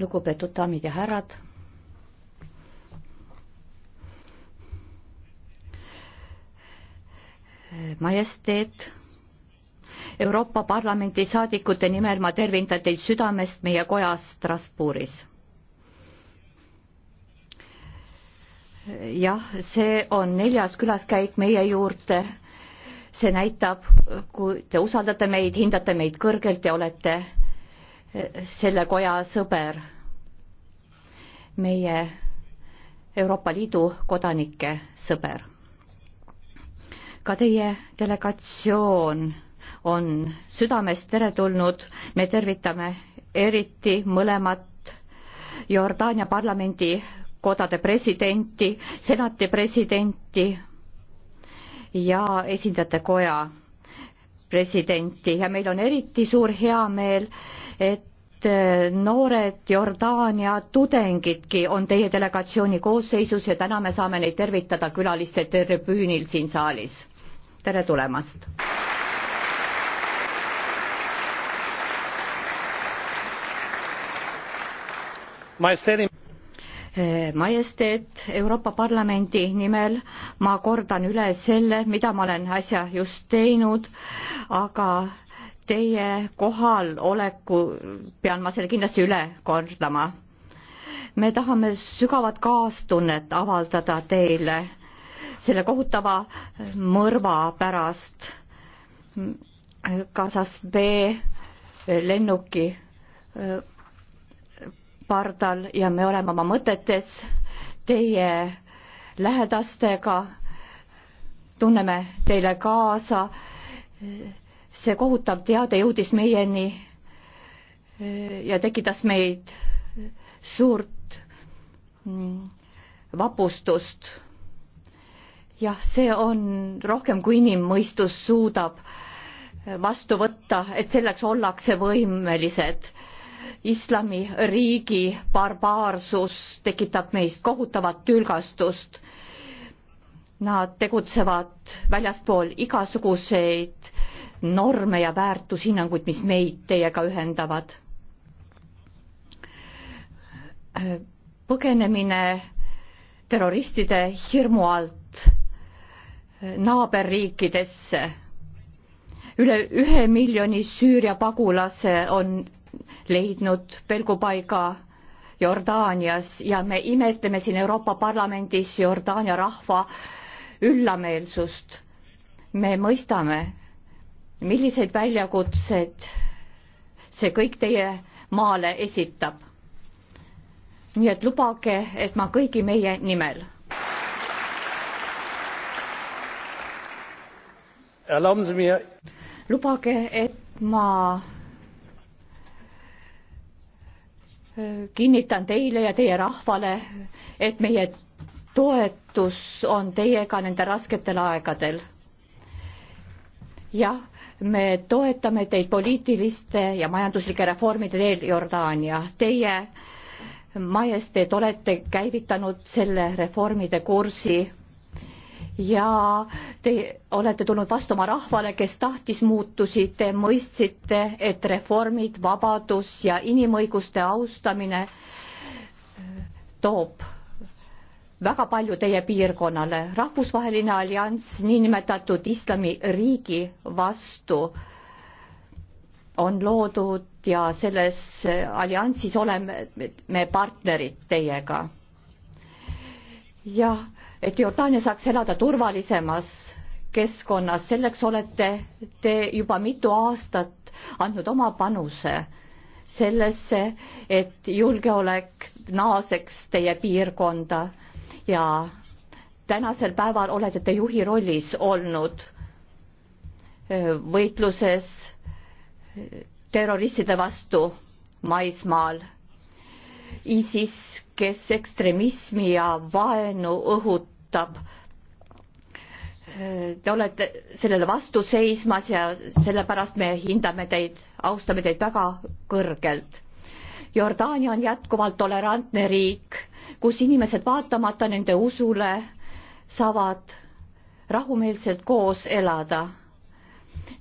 lugupeetud daamid ja härrad. majesteet, Euroopa Parlamendi saadikute nimel ma tervitan teid südamest meie kojas Strasbourgis. jah, see on neljas külaskäik meie juurde see näitab, kui te usaldate meid, hindate meid kõrgelt ja olete eh, selle koja sõber, meie Euroopa Liidu kodanike sõber. ka teie delegatsioon on südamest teretulnud, me tervitame eriti mõlemat Jordaania parlamendi kodade presidenti, senati presidenti ja esindajate koja presidenti ja meil on eriti suur heameel, et äh, noored Jordaania tudengidki on teie delegatsiooni koosseisus ja täna me saame neid tervitada külaliste tribüünil siin saalis. tere tulemast! majesteetim Eh, majesteet Euroopa Parlamendi nimel ma kordan üle selle, mida ma olen äsja just teinud, aga teie kohaloleku pean ma selle kindlasti üle kordama. me tahame sügavat kaastunnet avaldada teile selle kohutava mõrva pärast Kasas B lennuki pardal ja me oleme oma mõtetes teie lähedastega, tunneme teile kaasa. see kohutav teade jõudis meieni ja tekitas meid suurt vapustust. jah, see on rohkem, kui inimmõistus suudab vastu võtta, et selleks ollakse võimelised islamiriigi barbaarsus tekitab meist kohutavat tülgastust. Nad tegutsevad väljaspool igasuguseid norme ja väärtushinnanguid, mis meid teiega ühendavad. põgenemine terroristide hirmu alt naaberriikidesse. üle ühe miljoni Süüria pagulase on leidnud pelgupaiga Jordaanias ja me imetleme siin Euroopa Parlamendis Jordaania rahva üllameelsust. me mõistame, millised väljakutsed see kõik teie maale esitab. nii et lubage, et ma kõigi meie nimel lubage, et ma kinnitan teile ja teie rahvale, et meie toetus on teiega nendel rasketel aegadel. jah, me toetame teid poliitiliste ja majanduslike reformide teel Jordaania. Teie majesteed olete käivitanud selle reformide kursi ja te olete tulnud vastu oma rahvale, kes tahtis muutusi, te mõistsite, et reformid, vabadus ja inimõiguste austamine toob väga palju teie piirkonnale. rahvusvaheline allianss niinimetatud islamiriigi vastu on loodud ja selles alliansis oleme me partnerid teiega. jah et Jordaania saaks elada turvalisemas keskkonnas, selleks olete te juba mitu aastat andnud oma panuse sellesse, et julgeolek naaseks teie piirkonda ja tänasel päeval olete te juhi rollis olnud e, võitluses terroristide vastu maismaal. ISIS, kes ekstremismi ja vaenu õhutab, puudutab. Te olete sellele vastu seismas ja sellepärast me hindame teid, austame teid väga kõrgelt. Jordaania on jätkuvalt tolerantne riik, kus inimesed vaatamata nende usule saavad rahumeelselt koos elada.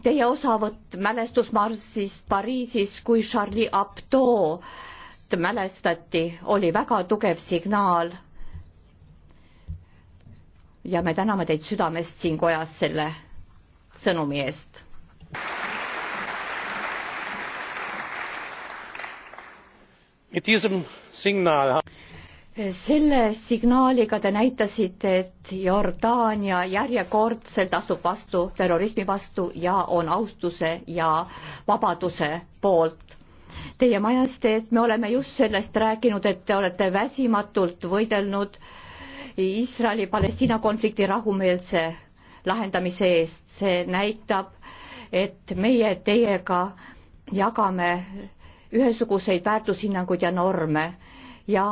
Teie osavõtt mälestusmarsist Pariisis, kui Charlie Hebdo mälestati, oli väga tugev signaal ja me täname teid südamest siin kojas selle sõnumi eest. selle signaaliga te näitasite, et Jordaania järjekordselt astub vastu terrorismi vastu ja on austuse ja vabaduse poolt teie majas, et me oleme just sellest rääkinud, et te olete väsimatult võidelnud äh, Iisraeli-Palestiina konflikti rahumeelse lahendamise eest, see näitab, et meie teiega jagame ühesuguseid väärtushinnanguid ja norme ja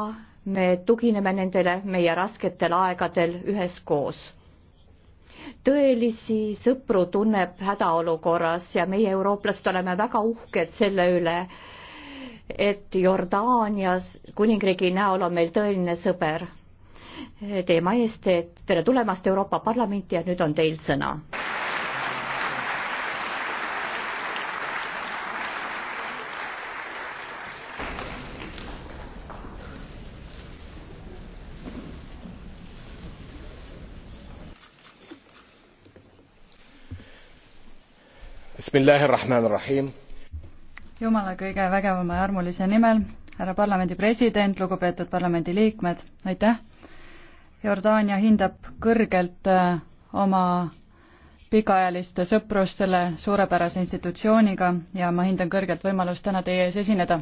me tugineme nendele meie rasketel aegadel üheskoos. tõelisi sõpru tunneb hädaolukorras ja meie, eurooplased, oleme väga uhked selle üle, et Jordaanias kuningriigi näol on meil tõeline sõber teie majesteet, tere tulemast Euroopa Parlamenti ja nüüd on teil sõna. jumala kõige vägevama ja armulise nimel härra parlamendi president lugupeetud parlamendi liikmed aitäh Jordaania hindab kõrgelt äh, oma pikaajalist sõprust selle suurepärase institutsiooniga ja ma hindan kõrgelt võimalust täna teie ees esineda.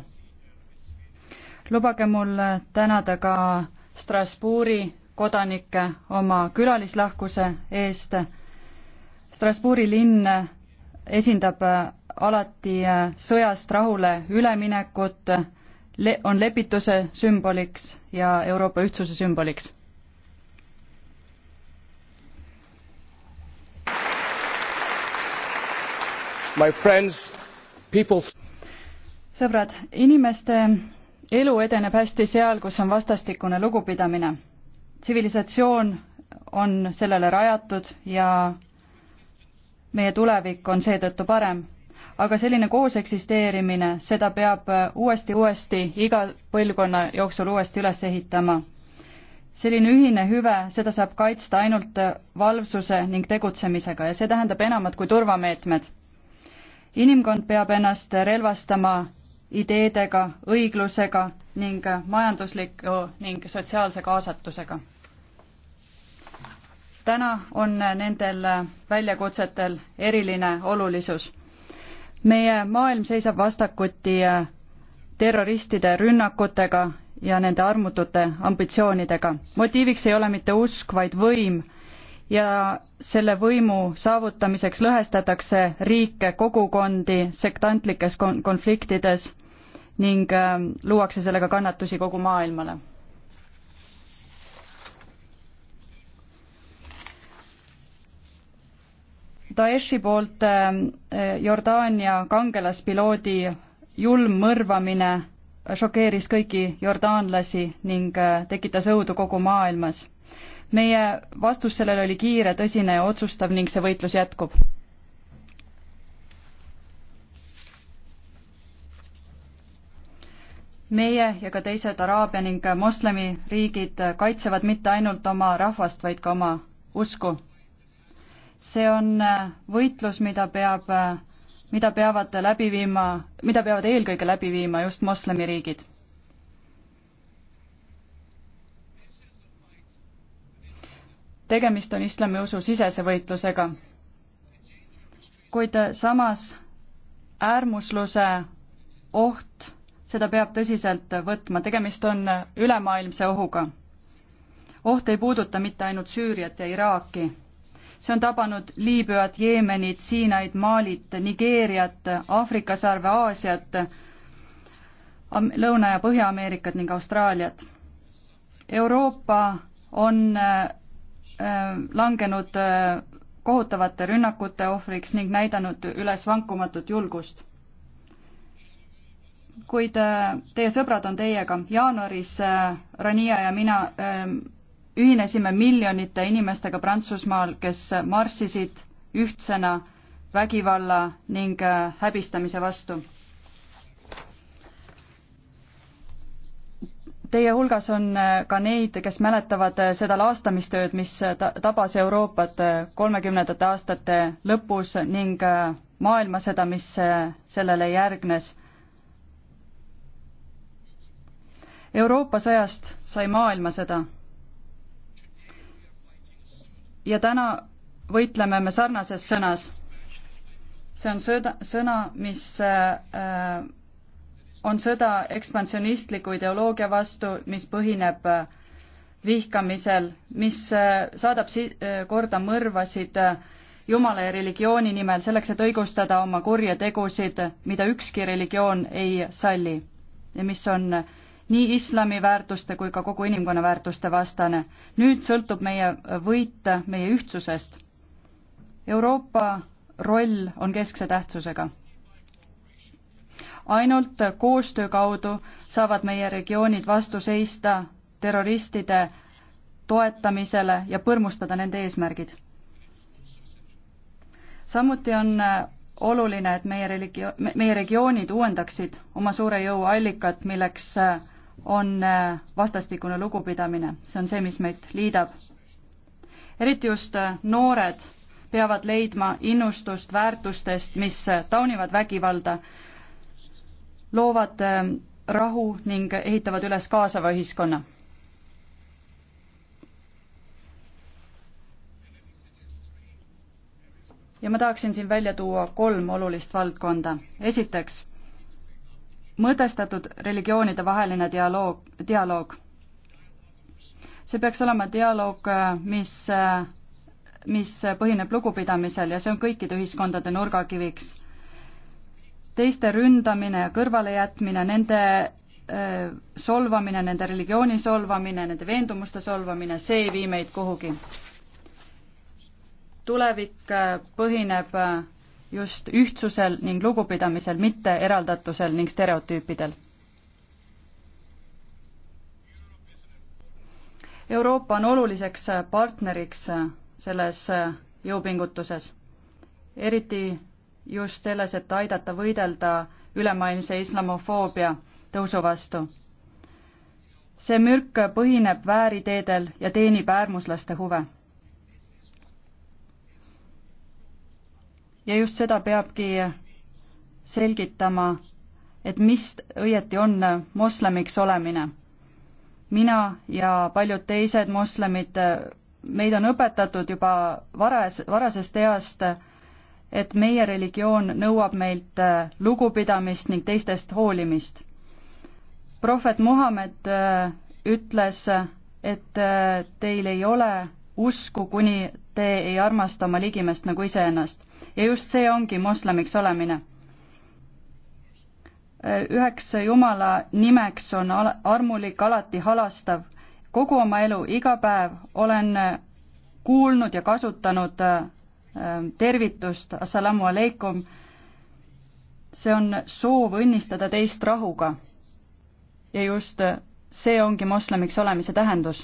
lubage mul tänada ka Strasbourgi kodanikke oma külalislahkuse eest. Strasbourgi linn esindab äh, alati äh, sõjast rahule üleminekut, on lepituse sümboliks ja Euroopa ühtsuse sümboliks People... sõbrad, inimeste elu edeneb hästi seal, kus on vastastikune lugupidamine. tsivilisatsioon on sellele rajatud ja meie tulevik on seetõttu parem. aga selline koos eksisteerimine, seda peab uuesti-uuesti iga põlvkonna jooksul uuesti üles ehitama. selline ühine hüve, seda saab kaitsta ainult valvsuse ning tegutsemisega ja see tähendab enamat kui turvameetmed inimkond peab ennast relvastama ideedega, õiglusega ning majandusliku ning sotsiaalse kaasatusega. täna on nendel väljakutsetel eriline olulisus. meie maailm seisab vastakuti terroristide rünnakutega ja nende armutute ambitsioonidega. motiiviks ei ole mitte usk, vaid võim ja selle võimu saavutamiseks lõhestatakse riike, kogukondi sektantlikes kon-, konfliktides ning ähm, luuakse sellega kannatusi kogu maailmale. Daeshi poolt ähm, äh, Jordaania kangelaspiloodi julm mõrvamine šokeeris kõiki jordaanlasi ning äh, tekitas õudu kogu maailmas meie vastus sellele oli kiire, tõsine ja otsustav ning see võitlus jätkub. meie ja ka teised Araabia ning moslemi riigid kaitsevad mitte ainult oma rahvast, vaid ka oma usku. see on võitlus, mida peab, mida peavad läbi viima, mida peavad eelkõige läbi viima just moslemi riigid tegemist on islamiusu sisese võitlusega. kuid samas äärmusluse oht, seda peab tõsiselt võtma, tegemist on ülemaailmse ohuga. oht ei puuduta mitte ainult Süüriat ja Iraaki. see on tabanud Liibüat, Jeemenit, Siinaid, Malit, Nigeeriat, Aafrika sarve, Aasiat, Lõuna- ja Põhja-Ameerikat ning Austraaliat. Euroopa on Äh, langenud äh, kohutavate rünnakute ohvriks ning näidanud üles vankumatut julgust. kuid äh, teie sõbrad on teiega. jaanuaris Rania ja mina ühinesime miljonite inimestega Prantsusmaal, kes marssisid ühtsena vägivalla ning häbistamise vastu Teie hulgas on äh, ka neid, kes mäletavad äh, seda laastamistööd, mis äh, tabas Euroopat kolmekümnendate aastate lõpus ning maailmasõda, mis sellele järgnes. Euroopa sõjast sai maailmasõda. ja täna võitleme me sarnases sõnas. see on sõda, sõna, mis äh, on sõda ekspansionistliku ideoloogia vastu, mis põhineb äh, vihkamisel, mis äh, saadab si-, äh, korda mõrvasid jumala ja religiooni nimel, selleks et õigustada oma kurje tegusid, mida ükski religioon ei salli ja mis on nii islami väärtuste kui ka kogu inimkonna väärtuste vastane. nüüd sõltub meie võit meie ühtsusest. Euroopa roll on keskse tähtsusega ainult koostöö kaudu saavad meie regioonid vastu seista terroristide toetamisele ja põrmustada nende eesmärgid. samuti on äh, oluline, et meie religio-, meie regioonid uuendaksid oma suure jõu allikat, milleks äh, on äh, vastastikune lugupidamine, see on see, mis meid liidab. eriti just noored peavad leidma innustust väärtustest, mis taunivad vägivalda loovad ähm, rahu ning ehitavad üles kaasava ühiskonna. ja ma tahaksin siin välja tuua kolm olulist valdkonda. esiteks, mõtestatud religioonide vaheline dialoog, dialoog. see peaks olema dialoog, äh, mis äh, mis põhineb lugupidamisel ja see on kõikide ühiskondade nurgakiviks teiste ründamine ja kõrvalejätmine, nende solvamine, nende religiooni solvamine, nende veendumuste solvamine, see ei vii meid kuhugi. tulevik põhineb just ühtsusel ning lugupidamisel, mitte eraldatusel ning stereotüüpidel. Euroopa on oluliseks partneriks selles jõupingutuses, eriti just selles, et aidata võidelda ülemaailmse islamofoobia tõusu vastu. see mürk põhineb vääriteedel ja teenib äärmuslaste huve. ja just seda peabki selgitama, et mis õieti on moslemiks olemine. mina ja paljud teised moslemid, meid on õpetatud juba varas, varasest east et meie religioon nõuab meilt äh, lugupidamist ning teistest hoolimist. prohvet Muhamed äh, ütles, et äh, teil ei ole usku, kuni te ei armasta oma ligimest nagu iseennast. ja just see ongi moslemiks olemine. üheks Jumala nimeks on al-, armulik, alati halastav. kogu oma elu, iga päev olen kuulnud ja kasutanud Ähm, tervitust, assalamu aleikum. see on soov õnnistada teist rahuga. ja just äh, see ongi moslemiks olemise tähendus.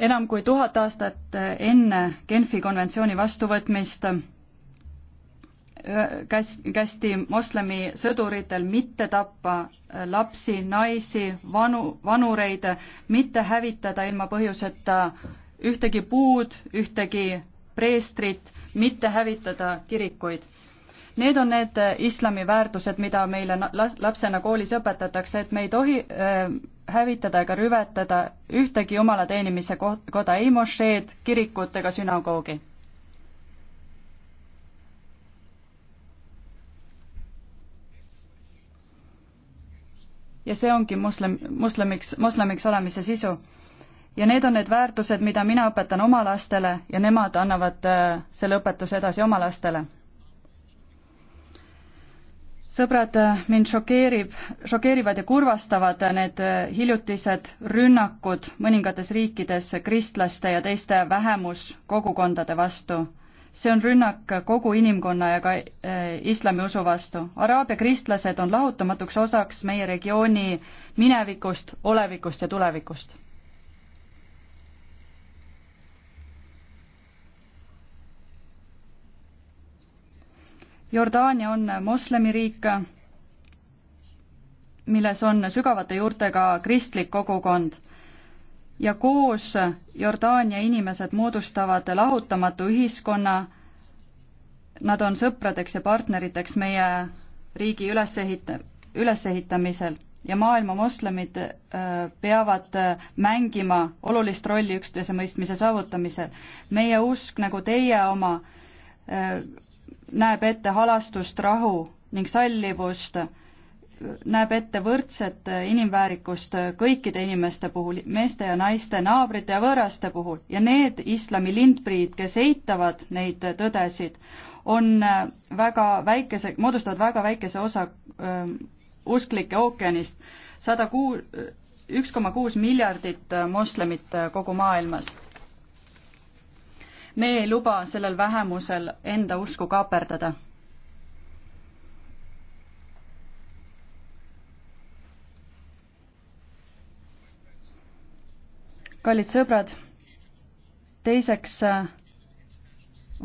enam kui tuhat aastat äh, enne Genfi konventsiooni vastuvõtmist käs-, kästi moslemi sõduritel mitte tappa äh, lapsi, naisi, vanu, vanureid, mitte hävitada ilma põhjuseta ühtegi puud, ühtegi preestrit, mitte hävitada kirikuid. Need on need äh, islami väärtused, mida meile lapsena koolis õpetatakse, et me ei tohi äh, hävitada ega rüvetada ühtegi jumala teenimise koda, ei mošeed, kirikut ega sünagoogi ja see ongi moslem, moslemiks, moslemiks olemise sisu. ja need on need väärtused, mida mina õpetan oma lastele ja nemad annavad äh, selle õpetuse edasi oma lastele. sõbrad, äh, mind šokeerib, šokeerivad ja kurvastavad äh, need hiljutised rünnakud mõningates riikides kristlaste ja teiste vähemuskogukondade vastu see on rünnak kogu inimkonna ja ka äh, islamiusu vastu. Araabia kristlased on lahutamatuks osaks meie regiooni minevikust, olevikust ja tulevikust. Jordaania on moslemiriik, milles on sügavate juurtega kristlik kogukond ja koos Jordaania inimesed moodustavad lahutamatu ühiskonna. Nad on sõpradeks ja partneriteks meie riigi ülesehita-, ülesehitamisel ja maailma moslemid äh, peavad äh, mängima olulist rolli üksteise mõistmise saavutamisel. meie usk, nagu teie oma, äh, näeb ette halastust, rahu ning sallivust näeb ette võrdset inimväärikust kõikide inimeste puhul, meeste ja naiste, naabrite ja võõraste puhul ja need islami lindpriid, kes eitavad neid tõdesid, on väga väikese, moodustavad väga väikese osa öö, ähm, usklike ookeanist, sada kuu-, üks koma kuus miljardit moslemit kogu maailmas. me ei luba sellel vähemusel enda usku kaaperdada kallid sõbrad, teiseks äh,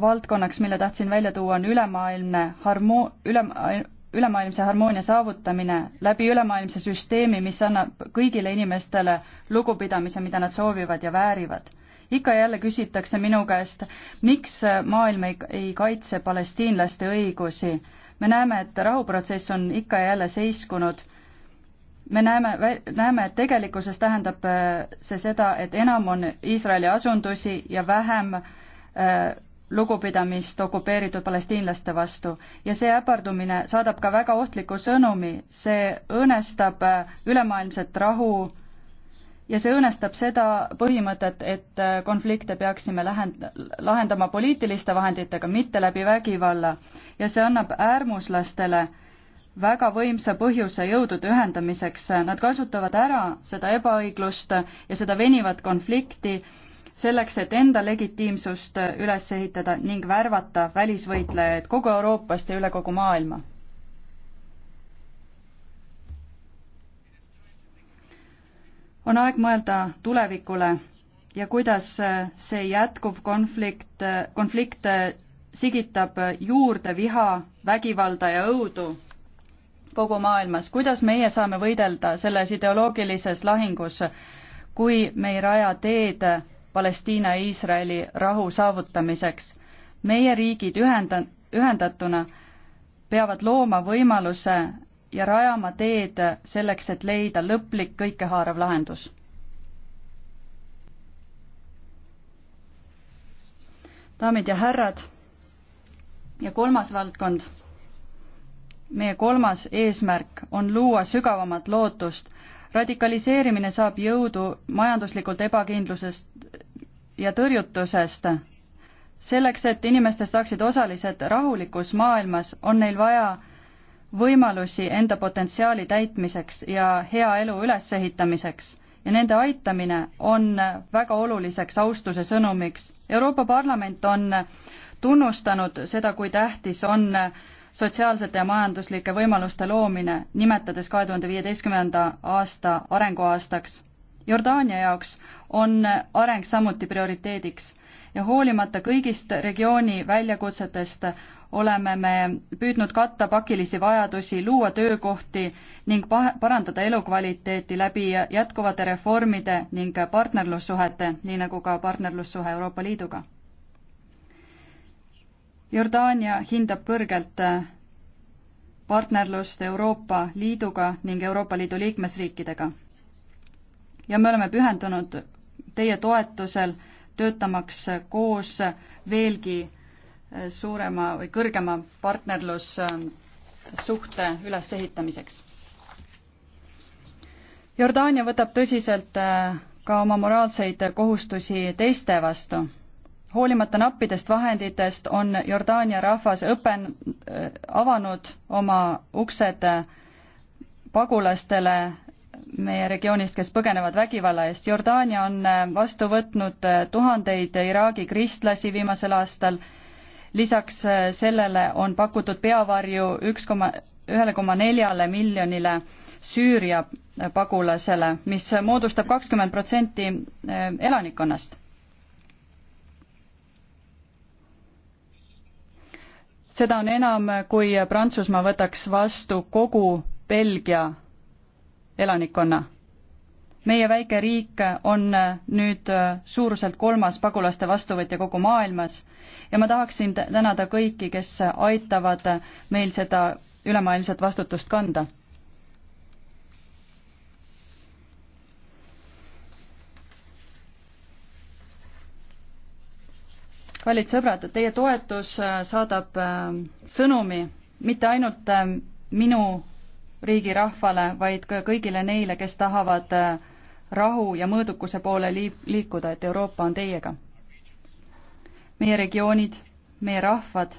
valdkonnaks, mille tahtsin välja tuua, on ülemaailmne harmo-, ülema-, ülemaailmse harmoonia saavutamine läbi ülemaailmse süsteemi, mis annab kõigile inimestele lugupidamise, mida nad soovivad ja väärivad. ikka ja jälle küsitakse minu käest, miks äh, maailm ei, ei kaitse palestiinlaste õigusi. me näeme, et rahuprotsess on ikka ja jälle seiskunud me näeme, näeme, et tegelikkuses tähendab äh, see seda, et enam on Iisraeli asundusi ja vähem äh, lugupidamist okupeeritud palestiinlaste vastu ja see äpardumine saadab ka väga ohtliku sõnumi, see õõnestab äh, ülemaailmset rahu ja see õõnestab seda põhimõtet, et konflikte peaksime lähen-, lahendama poliitiliste vahenditega, mitte läbi vägivalla ja see annab äärmuslastele äh, väga võimsa põhjuse jõudude ühendamiseks, nad kasutavad ära seda ebaõiglust ja seda venivat konflikti selleks, et enda legitiimsust üles ehitada ning värvata välisvõitlejaid kogu Euroopast ja üle kogu maailma. on aeg mõelda tulevikule ja kuidas see jätkuv konflikt, konflikt sigitab juurde viha, vägivalda ja õudu kogu maailmas, kuidas meie saame võidelda selles ideoloogilises lahingus, kui me ei raja teed Palestiina ja Iisraeli rahu saavutamiseks. meie riigid ühenda-, ühendatuna peavad looma võimaluse ja rajama teed selleks, et leida lõplik kõikehaarav lahendus. daamid ja härrad, ja kolmas valdkond meie kolmas eesmärk on luua sügavamat lootust. radikaliseerimine saab jõudu majanduslikult ebakindlusest ja tõrjutusest. selleks, et inimestest saaksid osalised rahulikus maailmas, on neil vaja võimalusi enda potentsiaali täitmiseks ja hea elu ülesehitamiseks ja nende aitamine on väga oluliseks austuse sõnumiks. Euroopa Parlament on tunnustanud seda, kui tähtis on äh, sotsiaalsete ja majanduslike võimaluste loomine, nimetades kahe tuhande viieteistkümnenda aasta arenguaastaks. Jordaania jaoks on areng samuti prioriteediks ja hoolimata kõigist regiooni väljakutsetest oleme me püüdnud katta pakilisi vajadusi, luua töökohti ning parandada elukvaliteeti läbi jätkuvate reformide ning partnerlussuhete, nii nagu ka partnerlussuhe Euroopa Liiduga Jordaania hindab kõrgelt äh, partnerlust Euroopa Liiduga ning Euroopa Liidu liikmesriikidega. ja me oleme pühendunud teie toetusel töötamaks koos veelgi äh, suurema või kõrgema partnerlussuhte äh, ülesehitamiseks. Jordaania võtab tõsiselt ka oma moraalseid kohustusi teiste vastu hoolimata nappidest vahenditest on Jordaania rahvas õpen-, äh, avanud oma uksed äh, pagulastele meie regioonist, kes põgenevad vägivalla eest. Jordaania on äh, vastu võtnud tuhandeid Iraagi kristlasi viimasel aastal. lisaks sellele on pakutud peavarju üks koma, ühele koma neljale miljonile Süüria pagulasele, mis moodustab kakskümmend protsenti elanikkonnast seda on enam, kui Prantsusmaa võtaks vastu kogu Belgia elanikkonna. meie väike riik on nüüd suuruselt kolmas pagulaste vastuvõtja kogu maailmas ja ma tahaksin tänada kõiki, kes aitavad meil seda ülemaailmset vastutust kanda kallid sõbrad, teie toetus äh, saadab äh, sõnumi mitte ainult äh, minu riigi rahvale, vaid ka kõigile neile, kes tahavad rahu ja mõõdukuse poole liikuda, et Euroopa on teiega. meie regioonid, meie rahvad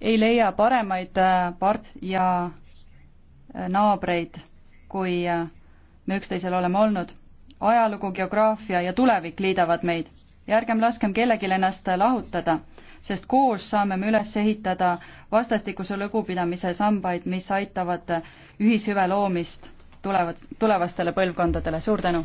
ei leia paremaid part- ja naabreid, kui me üksteisel oleme olnud. ajalugu, geograafia ja tulevik liidavad meid ja ärgem laskem kellelgi ennast lahutada, sest koos saame me üles ehitada vastastikuse lugupidamise sambaid, mis aitavad ühishüve loomist tulevad, tulevastele põlvkondadele, suur tänu!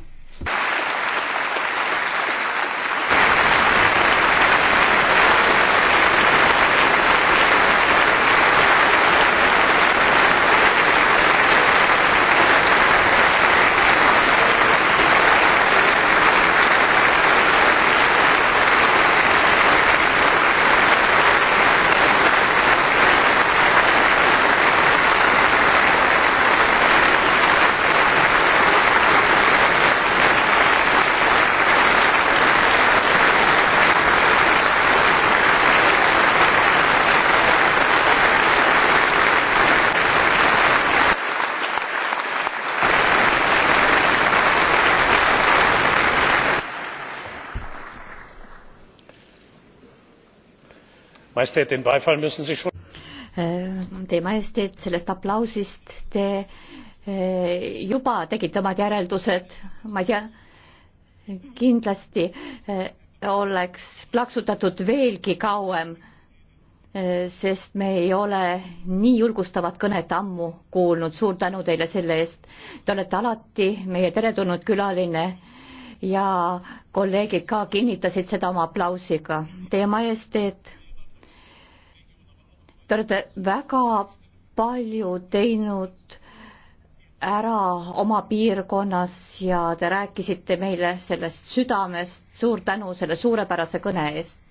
Majestät, den Beifall müssen Sie schon. Äh, Teie Majesteet, sellest aplausist te äh, juba tegite omad järeldused, ma ei tea, kindlasti äh, oleks plaksutatud veelgi kauem, sest me ei ole nii julgustavat kõnet ammu kuulnud, suur tänu teile selle eest. Te olete alati meie teretulnud külaline ja kolleegid ka kinnitasid seda oma aplausiga. Teie Majesteet Te olete väga palju teinud ära oma piirkonnas ja te rääkisite meile sellest südamest. suur tänu selle suurepärase kõne eest.